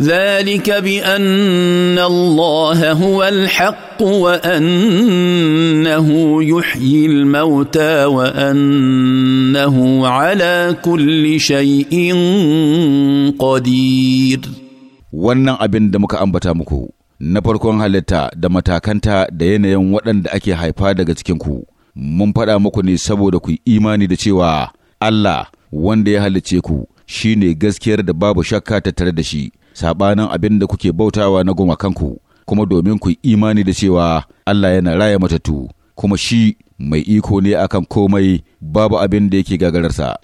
ذلك بان الله هو الحق وانه يحيي الموتى وانه على كل شيء قدير wannan abin da muka ambata muku na farkon halitta da matakanta da yanayin waɗanda ake haifa daga cikinku mun faɗa muku ne saboda ku imani da cewa Allah wanda ya halicce ku shine gaskiyar da babu shakka tattare da shi saɓanin abin da kuke bautawa na kanku kuma domin ku imani da cewa Allah yana raya matattu kuma shi mai iko ne akan komai babu abin da yake gagararsa.